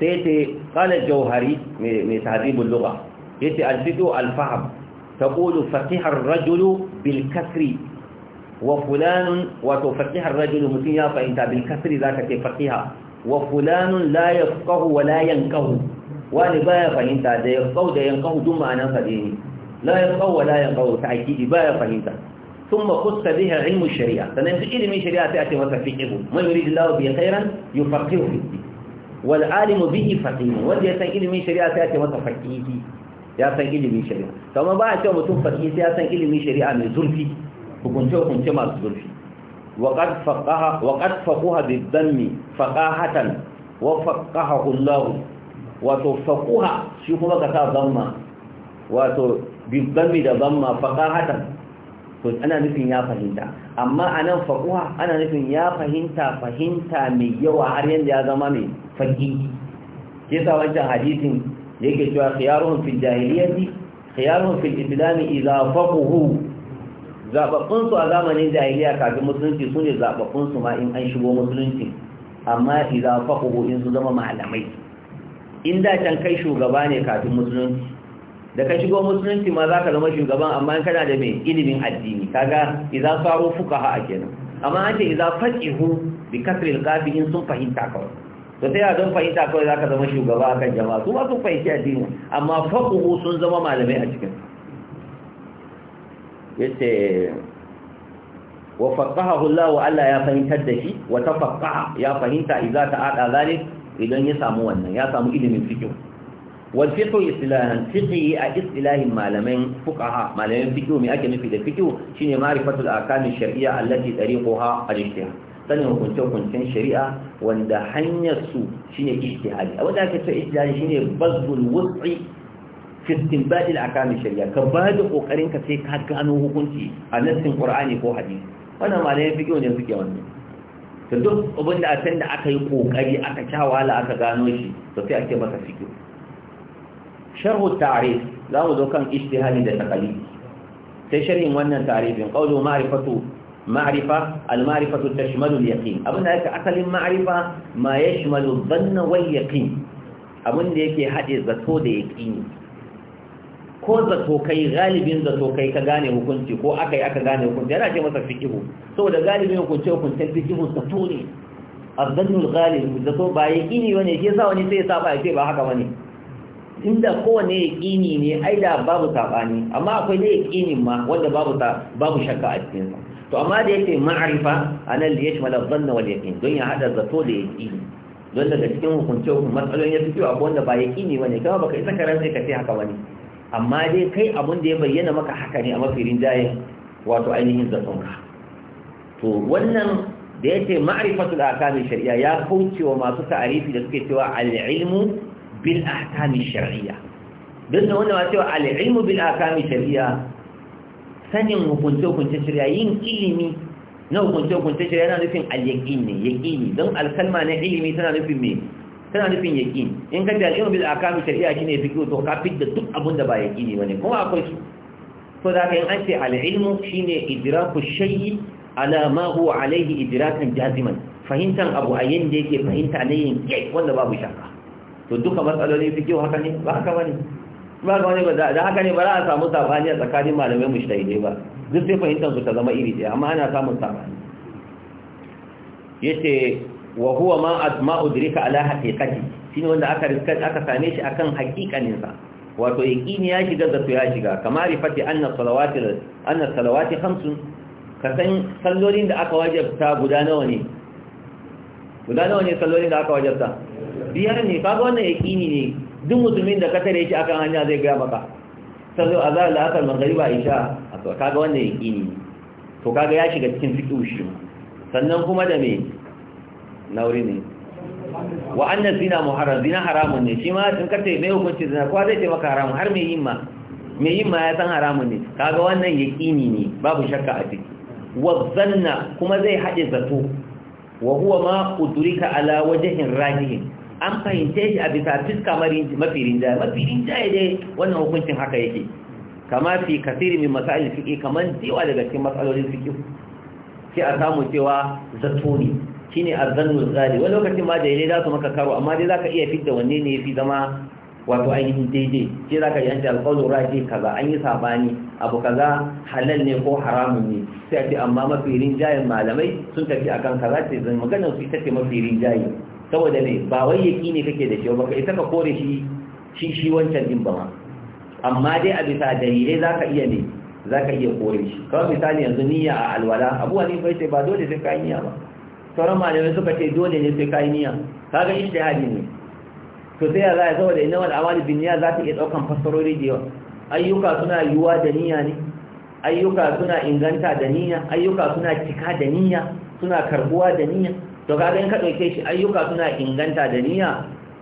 تيتي قال الجوهري من تهذيب اللغة يتي الفتو الفهم تقول فتح الرجل بالكسر وفلان وتفتح الرجل متيا فإنت بالكسر ذاك فقيها وفلان لا يفقه ولا ينكه wani baya fahimta da ya kau da kau duk ma'anan sa ne la ya kau wa la ya kau ta aiki ta'kidi baya fahimta ilmu ثم خص بها علم الشريعة فنحن علم الشريعة تأتي وتفقه من يريد الله به خيرا يفقه في الدين والعالم به فقيه wanda ya san ilimin shari'a sai ya ce masa faqihi ya san ilimin shari'a kuma ba a ce mutum faqihi sai ya san ilimin shari'a mai zurfi hukunce hukunce masu zurfi wa qad faqaha wa qad faqaha bi dhammi faqahatan wa faqahahu Allah wato faquha shi kuma ka sa zamma wato bizammi da zamma faqahatan to ana nufin ya fahimta amma anan faquha ana nufin ya fahimta fahimta mai yawa har yanda ya zama mai faqi sa wancan hadisin yake cewa khiyaruhum fil jahiliyyati khiyaruhum fil islam idza faqahu zababbun su a zamanin jahiliya kafin musulunci sune zababbun su ma in an shigo musulunci amma idza faqahu in su zama malamai in da can kai shugaba ne kafin musulunci da ka shigo musulunci ma za ka zama shugaban amma kana da mai ilimin addini kaga idza faru fuqaha kenan amma an ce idza faqihu bi kasril qafi in sun fahimta kawai to sai a don fahimta kawai za ka zama shugaba akan jama'a su ba sun fahimci addini amma faquhu sun zama malamai a cikin yace wa faqahahu Allah wa Allah ya fahimtar da shi wa tafaqqaha ya fahimta idza ta'ada zalik idan ya samu wannan ya samu ilimin fiqh wal fiqh istilahan fiqh a istilahin malamin fuqaha Malaman fiqh mai ake nufi da fiqh shine ma'rifatul akamin shari'a allati tariquha al-ijtihad sanin hukunce hukuncen shari'a wanda hanyar su shine ijtihadi wanda ake cewa ijtihadi shine bazul wus'i fi istinbat al-ahkam shari'a. ka bada kokarin ka sai ka gano hukunci a nassin qur'ani ko hadisi wannan malaman fiqh ne suke wannan da duk abin da a da aka yi kokari aka kyawala aka gano shi to sai ake masa fikiyo sharhu ta'rif za mu zo kan ijtihadi da taqlid sai sharhin wannan ta'rifin qawlu ma'rifatu ma'rifa al-ma'rifatu tashmalu al-yaqin abin da yake asalin ma'rifa ma yashmalu dhanna wal yaqin abin da yake hade zato da yaqini ko zato kai galibin zato kai ka gane hukunci ko aka yi aka gane hukunci yana ce masa fikihu saboda galibin hukunci hukuncin fikihu zato tuni abdannul galib zato ba ya kini wani ke sa wani sai ya saba ya ce ba haka wani inda kowane ya kini ne ai da babu sabani amma akwai da ya kini ma wanda babu babu shakka a cikin sa to amma da yake ma'rifa anan da yake mala zanna wal yaqin don ya hada zato da yaqini don daga cikin hukuncin hukuncen matsalolin ya fito akwai wanda ba yaqini bane kuma baka isa karan sai ka ce haka wani amma dai kai abin da ya bayyana maka haka ne a mafi rinjaye wato ainihin zatonka to wannan da ya ce ma'arifatul ahkami shari'a ya kaucewa masu ta'arifi da suke cewa al'ilmu ilmu bil ahkami shari'a don da wannan cewa al'ilmu ilmu bil ahkami shari'a sanin hukunce hukunce shari'a yin ilimi na hukunce hukunce shari'a yana nufin al-yaqini yaqini don alkalma na ilimi tana nufin me tana nufin yaqin in ka ji al'ilmu bil akami shari'a shine fiqh to ka fidda duk abin da ba ba bane kuma akwai su to da kai an ce al'ilmu shine idraku shay'i ala ma huwa alayhi idrakan jaziman fahimtan abu ayin da yake fahimta ne yin ke wanda babu shakka to duka fi kyau haka ne ba haka bane ba ga wani ba da haka ne ba za a samu sabani a tsakanin malamai mushtahidai ba duk sai fahimtar su ta zama iri ɗaya amma ana samun sabani yace wa huwa ma azma udrika ala haqiqati shine wanda aka riska aka same shi akan haqiqanin sa wato yaqini ya shiga zato ya shiga kamar ifati anna salawati anna salawati khamsun ka san sallolin da aka wajabta guda nawa ne guda nawa ne sallolin da aka wajabta biyar ne kaga wannan yaqini ne duk musulmin da ka tare shi akan hanya zai ga maka sallo azhar al-asr maghriba isha to kaga wannan yaqini ne to kaga ya shiga cikin fiqh sannan kuma da me nauri ne wa zina muharram zina haramun ne shi ma in kace mai hukunci zina kowa zai taimaka maka haramun har mai yin ma mai yin ya san haramun ne kaga wannan yaqini ne babu shakka a ciki wa kuma zai haɗe zato wa huwa ma kudurika ala wajahin rajihin an fahimce shi a bisa fiska mafi rinjaye mafi rinjaye dai wannan hukuncin haka yake kama fi kasiri min masalin fiƙi kamar cewa daga cikin matsalolin fiƙi sai a samu cewa zato ne shine azzanul zali wani lokacin ma daidai za su maka karo amma dai zaka iya fidda wanne ne fi zama wato ainihin daidai sai zaka yi anta alqawlu raji kaza an yi sabani abu kaza halal ne ko haramun ne sai ce amma mafi rinjayen malamai sun tafi akan kaza ce zan maganar su ita ce mafi rinjaye saboda ne ba wai yaki ne kake da shi ba ita ka kore shi shi wancan din ba ma amma dai a bisa dalilai zaka iya ne zaka iya kore shi kawai misali yanzu niyya a alwala abuwa ne bai ce ba dole sai ka niyya ba sauran malamai suka ce dole ne sai kayi niyya kaga ijtihadi ne to sai ya za ya saboda inna wal amali bin za ta iya daukan fassarori da yawa ayyuka suna yiwuwa da niyya ne ayyuka suna inganta da niyya ayyuka suna cika da niyya suna karbuwa da niyya to kaga in ka dauke shi ayyuka suna inganta da niyya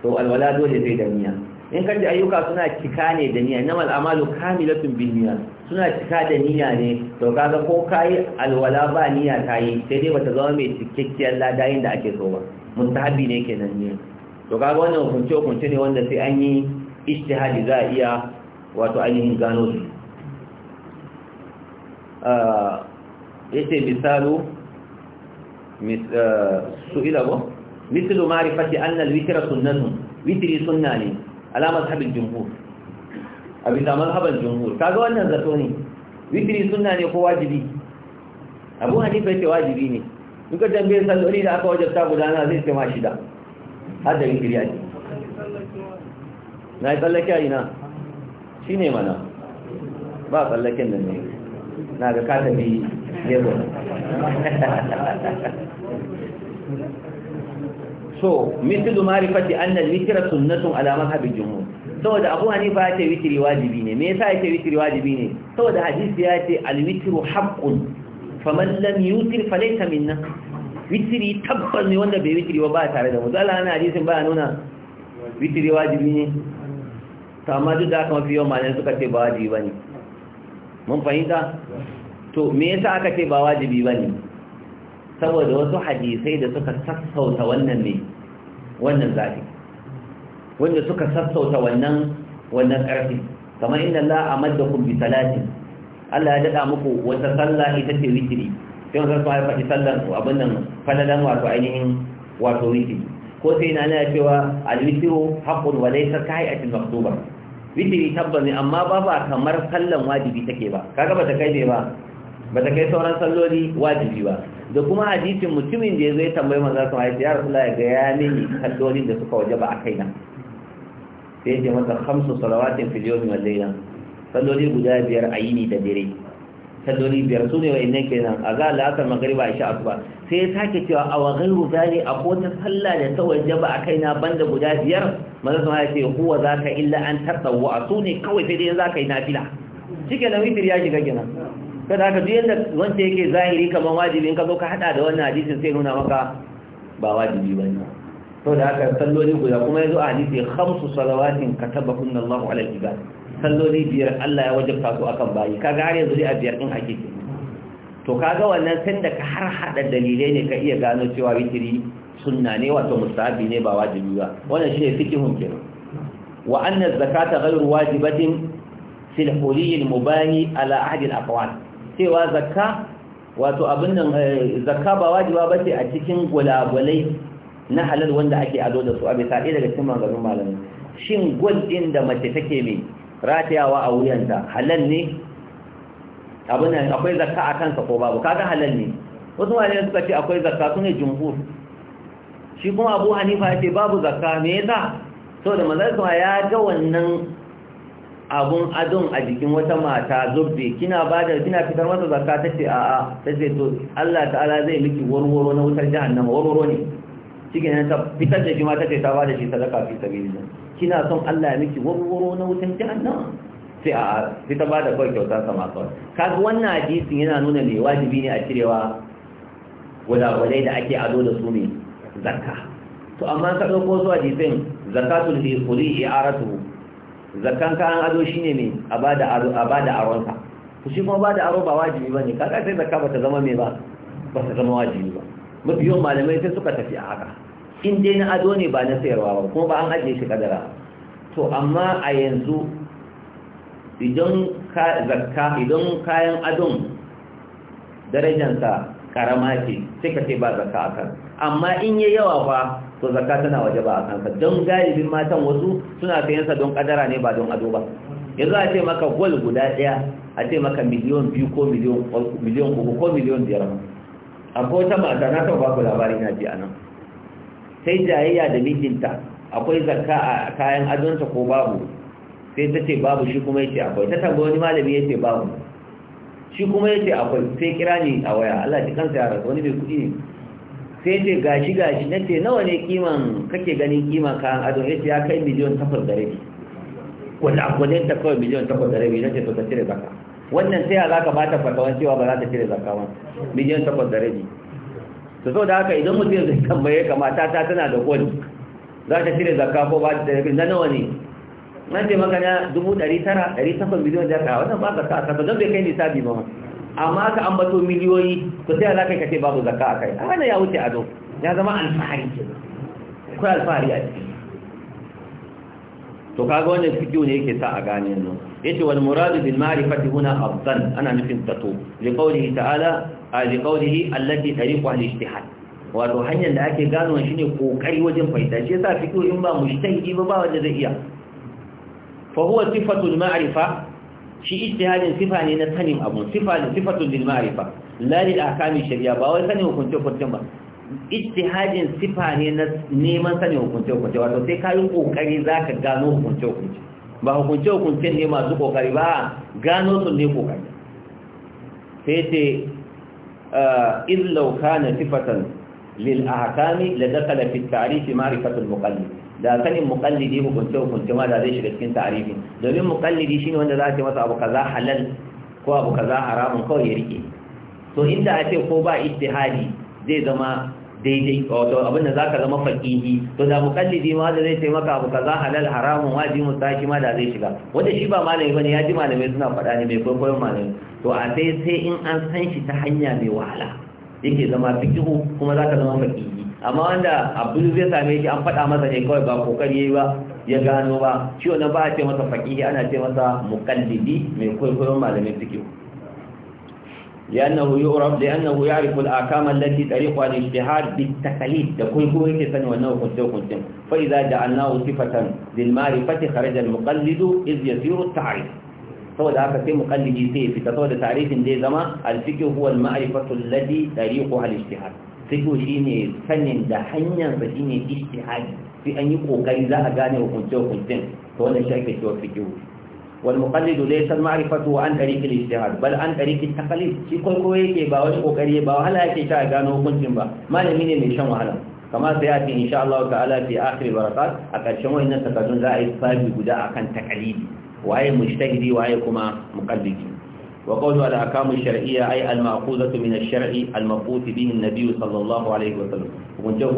to alwala dole zai da niyya in ka ji ayyuka suna cika ne da niyya namal amalu kamilatun bin niyya suna cika da niyya ne to kaga ko kayi alwala ba niyya yi, sai dai bata zama mai cikakkiyar lada da ake so ba mustahabi ne kenan niyya to kaga wannan hukunce hukunce ne wanda sai an yi ijtihadi za a iya wato ainihin gano su ah, yace misalu mis ah, su'ila ba mislu ma'rifati anna al-witra sunnatun witri sunna ne alamar habin jumhur abin da mazhaban jumhur kaga wannan zato ne witri sunna ne ko wajibi abu hanifa yace wajibi ne duka tambaye salloli da aka wajabta gudana zai ce ma shida har da witri ne na yi tsallake a ina shi ne mana ba tsallaken da ne na ga katabi yabo to mithlu ma'rifati anna al-witra sunnatun ala madhhabi jumhur saboda Abu Hanifa ya ce witri wajibi ne me yasa ya ce witri wajibi ne saboda hadisi ya ce al-witru haqqun faman lam yutir falaysa minna witri tabbas ne wanda bai witri ba tare da mu Allah na hadisin ba nuna witri wajibi ne to amma duk da kuma mafi ma ne suka ce ba wajibi bane mun fahimta to me yasa aka ce ba wajibi bane saboda wasu hadisai da suka sassauta wannan ne wannan zafi wanda suka sassauta wannan wannan ƙarfi kamar inda Allah amaddakum bi talatin, Allah ya dada muku wata sallah ita ce witri sai ga kuma ya faɗi sallar abin nan falalan wato ainihin wato witri ko sai na na cewa al-witru haqqun wa laysa ka'iatin maktuba witri tabbani amma ba ba kamar sallan wajibi take ba kaga ba ta kai ne ba ba ta kai sauran salloli wajibi ba da kuma hadisin mutumin da ya zai tambayi manzan su ya rasu laye ya gaya mini kallolin da suka waje ba a kaina sai ce masa hamsin salawatin filiyomi nan. kalloli guda biyar a yini da dare kalloli biyar su ne wa ke nan. a za a la'asar magariba a sha asuba sai ya sake cewa a wa gairu ne a kota sallah da ta waje ba a kaina banda guda biyar manzan su ce kuwa za ka illa an tattawa a su ne kawai sai dai za ka yi nafila cikin nan witir ya shiga kenan Kada ka duk yadda wanda yake zahiri kamar wajibi in ka zo ka hada da wannan hadisin sai nuna maka ba wajibi ba ne to da haka salloli guda kuma yazo a hadisi khamsu salawatin katabahunna Allahu ala al-ibad salloli biyar Allah ya wajabta su akan bayi kaga har yanzu dai a biyar din ake ce to kaga wannan san da ka har hada dalilai ne ka iya gano cewa witiri sunna ne wato mustahabi ne ba wajibi ba wannan shine fiqhun kenan wa anna zakata ghayru wajibatin fil huli al-mubahi ala ahdi al-aqwal cewa zakka wato abin nan eh, zakka ba wajiba bace a cikin gulagulai na halal wanda ake ado da su a bisa ɗaya daga cikin maganin malami shin gwal ɗin da mace take mai ratayawa a wuyanta halal ne abin nan akwai zakka a kansa ko babu kaga halal ne wasu malamai suka ce akwai zakka su ne jumhur shi kuma abu hanifa ya ce babu zakka me yasa saboda mazarsa ya ga wannan abun adon a jikin wata mata zobe kina bada kina fitar masa zakka tace a'a tace to Allah ta'ala zai miki warwaro na wutar jahannama warwaro ne cikin ta fitar da shi ma tace ta bada shi sadaka fi sabilillah kina son Allah ya miki warwaro na wutar jahannama sai a sai ta bada kai kyauta sama kawai kaga wannan hadisin yana nuna ne wajibi ne a cirewa wala walai da ake ado da su ne zakka to amma ka dauko su hadisin zakatul fi quli i'aratuhu zakan kayan ado shine ne a bada aro a bada aron ka to shi kuma bada aro ba wajibi bane kaga sai zakka bata zama me ba ta zama wajibi ba mafi yawan malamai sai suka tafi a haka in dai na ado ne ba na sayarwa ba kuma ba an ajiye shi kadara to amma a yanzu idan zakka idan kayan adon darajanta karama ce sai ka ce ba zakka akan amma in yi yawa fa to zakka tana waje ba a kanka don galibin matan wasu suna kayansa don kadara ne ba don ado ba yanzu a ce maka gol guda daya a ce maka miliyon biyu ko miliyon uku ko miliyon biyar akwai wata mata na taɓa ku labari na ji anan sai jayayya da mijinta akwai zakka a kayan adonta ko babu sai ta ce babu shi kuma yace akwai ta tambaye wani malami yace babu shi kuma yace akwai sai kira ni a waya Allah ji kansa ya rasu wani mai kuɗi ne sai ce gashi gashi na ce nawa ne kiman kake ganin kima kayan ado ya ce ya kai miliyon takwas da rabi wanda akwai ta kawai miliyon takwas da rabi na ce ta cire zaka wannan sai ya za ka ba fatawan cewa ba za ta cire zaka wa miliyon takwas da rabi ta so da haka idan mutum zai tambaye mata ta tana da kwani za ta cire zaka ko ba ta rabi na nawa ne na ce maka na dubu ɗari tara ɗari takwas miliyon da ka wannan ba ka sa don bai kai nisabi ba ma amma aka ambato miliyoyi to sai za ka kace babu zakka a kai wannan ya wuce ado ya zama alfahari ce ko alfahari a ciki to kaga wannan fikiyo ne yake sa a gane nan yace wal muradu bil ma'rifati huna afdan ana nufin tato li qawlihi ta'ala li qawlihi allati tariqu al ijtihad wato hanyar da ake gano shi ne kokari wajen fahimta shi yasa fikiyo in ba mushtahidi ba ba wanda zai iya fa huwa sifatul ma'rifa shi ijtihadin sifa ne na sanin abu sifa ne sifatun lil ma'rifa la lil ahkami shari'a ba wai sanin hukunce hukunce ba ijtihadin sifa ne na neman sanin hukunce hukunce wato sai ka yi kokari zaka gano hukunce hukunce ba hukunce hukunce ne masu kokari ba gano su ne kokari sai ce ah, in law kana sifatan lil ahkami la dakala fi at-ta'rif ma'rifatu al-muqallid da sanin muqallidi hukunce hukunce ma da zai shiga cikin ta'arifin domin muqallidi shine wanda za a ce masa abu kaza halal ko abu kaza haramun kawai ya rike to inda a ce ko ba ijtihadi zai zama daidai wato abinda zaka zama faqihi to da muqallidi ma da zai maka abu kaza halal haramun waji mutaki ma da zai shiga wanda shi ba malami bane ya ji malamai suna faɗa ne mai kwaikwayon malami to a sai sai in an san shi ta hanya mai wahala yake zama fikihu kuma zaka zama faqihi amma wanda abdul zai same shi an faɗa masa ne kawai ba kokari ba ya gano ba shi wannan ba a ce masa faqihi ana ce masa muqallidi mai kwaikwayon malamin fiqh لأنه يعرف لأنه يعرف الأحكام التي طريق الاجتهاد بالتقليد ده كل هو يتسن وأنه كنت كنت فإذا جعلناه صفة للمعرفة خرج المقلد إذ يسير التعريف saboda haka sai mukallidi sai fita saboda tarihin da ya zama alfiqh huwa al-ma'rifatu shi shine sanin da hanyar da shine ijtihadi sai an yi kokari za a gane hukunce hukuncin wani wannan shi ake cewa fiqh wal muqallid laysa ma'rifatu an tariq al ijtihad bal an tariq al shi koi yake ba wani ƙoƙari ba wahala yake ta gano hukuncin ba malami ne mai shan wahala kama sai ya in sha Allah ta'ala fi akhir barakat a ƙarshen wannan takardun za a yi sabi guda akan taqlidi waye mujtahidi waye kuma muqallidi وقوله الأحكام الشرعية أي المأخوذة من الشرع المبعوث به النبي صلى الله عليه وسلم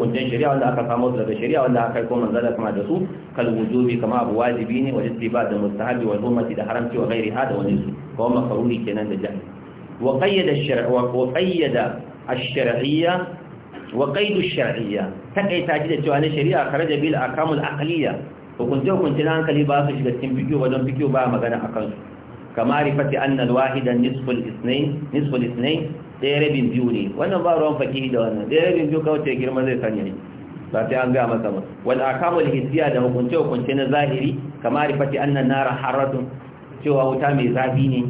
من جن شريعة ولا أكا كاموس لك شريعة ولا أكا يكون من ذلك ما جسو كالوجوب كما أبو واجبين والاستباع المستحب والهمة لحرمت وغير هذا ونسو وهو مقروني كنان الجهل وقيد الشرع وقيد الشرعية وقيد الشرعية تقي تاجد جوان الشريعة خرج به الأحكام العقلية وكنت وكنت لأنك لباسش لكن بيجو ودن بيجو بقى مغانا أقل fati annal wahidan nisful isnain nisful isnain ɗaya rabin biyu ne wannan ba ruwan fakihi da wannan ɗaya rabin biyu kawai ce zai sanya ne ba sai an gaya masa ba wal akamul hissiya da hukunce hukunce na zahiri fati annan nara haratun cewa wuta mai zafi ne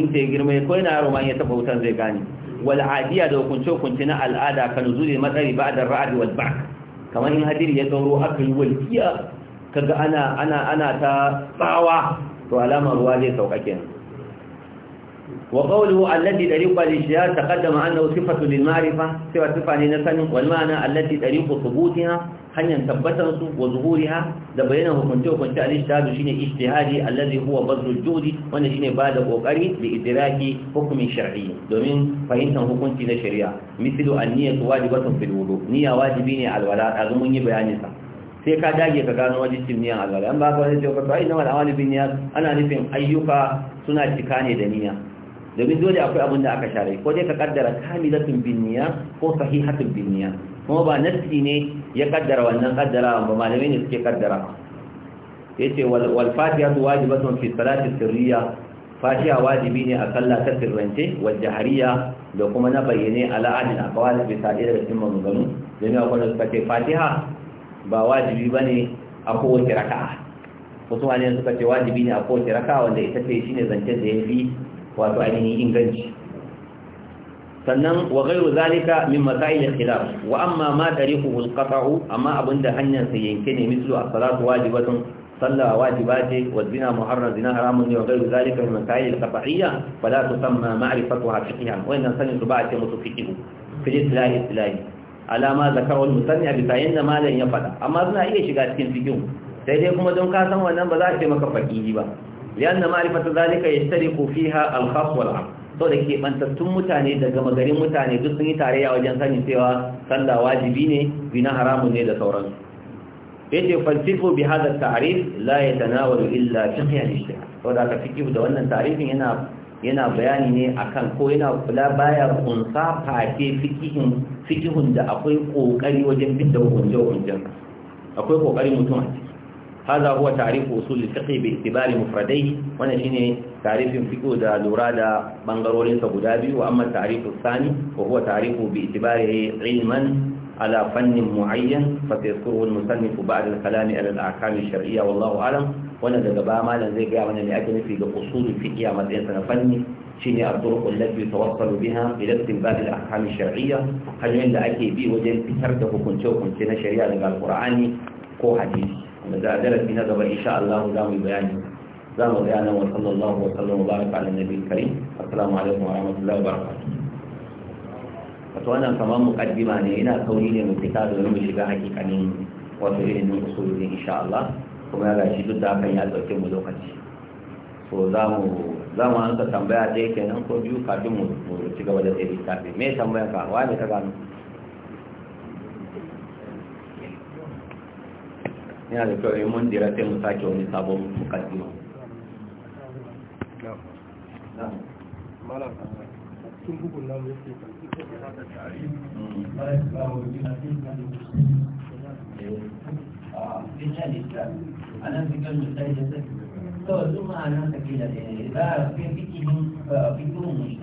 in ta girma ko yana yaro ma ya taba wutan zai gane wal adiya da hukunce hukunce na al'ada kan zuri matsari ba da ra'adi wal ba'k kamar in hadiri ya tsoro aka yi walkiya kaga ana ana ana ta tsawa to alamar ruwa zai sauka kenan wa qawluhu allati tariqu al-ijtihad taqaddama annahu sifatu lil-ma'rifa siwa na sanin wal ma'ana allati tariqu thubutiha hanyar tabbatar su wa zuhuriha da bayanan hukunce hukunce a ijtihad shine ijtihadi allazi huwa bazlul juhdi wanda shine bada kokari da idiraki hukumin shar'i domin fahimtar hukunci na shari'a mislu an-niyyatu wajibatun fil wudu niyya wajibi ne alwala azumun yi bayanin sa sai ka dage ka gano wani cimiyan alwala an ba ka wani cewa kasuwa, ai nawa al'amali wani ana nufin ayyuka suna cika ne da niyya domin dole akwai abin da aka share ko dai ka kaddara kamilatun bin ko sahihatun bin kuma ba nassi ne ya kaddara wannan kaddara ba malamai ne suke kaddara Ya ce, wal wal ba sun fi salati sirriya fatiha wajibi ne a sallah ta sirrance wajen hariya da kuma na bayyane a adin da bi sa'ir da mu gano dan ya kwada suka ce fatiha ba wajibi ba ne a kowace raka'a wasu wani suka ce wajibi ne a kowace raka wanda ita ce shi ne zancen da ya fi wato ainihin inganci sannan wa gairu zalika min masail al-khilaf wa amma ma tariquhu al-qat'u amma abinda hanyar sa yanke ne mislu as-salatu wajibatun salla wajibati wa zina muharram zina haramun ne wa gairu zalika min masail al-qat'iyya fala tusamma ma'rifatuha fiqhan wa inna sanin su ba ce musu fiqhu fi islahi islahi alama zakarwar musamman a bisa yadda malam ya faɗa amma suna iya shiga cikin fikin sai dai kuma don kasan wannan ba za a ce maka yi ba liyan na ma'arifata zalika ya tare ko fi ha alkhaswal am Sau da ke mutane daga magarin mutane duk sun yi tarayya wajen sanin cewa sallah wajibi ne bina haramun ne da sauransu yace falsifo bi hadha tarif la tanawar illa fiqh al Sau da aka fi da wannan ta'rifin yana yana bayani ne akan ko yana kula baya kunsa fafe fikihin fikihun da akwai kokari wajen bin da hunje hunje akwai kokari mutum a ciki hada huwa ta'rif usul fiqh bi ittibar mufradai wannan shine ta'rifin fiqh da lura da bangarorin sa guda biyu wa amma ta'rif thani wa huwa ta'rif bi ittibar ilman ala fannin muayyan fa tadhkuru al musannif ba'da al kalam ala al ahkam al shar'iyya wallahu a'lam wannan daga baya malam zai gaya mana ne ake nufi ga usulul fiqh a matsayin sa na fanni shine al-turuq allati tawassalu biha ila istinbat al-ahkam ash-shar'iyya hanyoyin da ake bi wajen fitar da hukunce hukunce na shari'a daga al-qur'ani ko hadisi da za a darasi na gaba insha Allah za mu bayani za mu bayana wa sallallahu wa sallam wa baraka ala nabiyil karim assalamu alaikum wa rahmatullahi wa barakatuh wato wannan kamar mukaddima ne yana kauri ne mu fita da, mu shiga hakikanin wato ilimin usulun insha Allah kuma ya gashi duk da hakan ya ɗauke mu lokaci so za mu tambaya ɗaya kenan ko biyu kafin mu ci gaba da tsaye littafi me tambayar ka wa ne ka gano yana da kyau mun dira sai mu sake wani sabon mukaddima malam anan fikin mustahil kawai duk ma'ana ya ne za a fi fikihin fikihun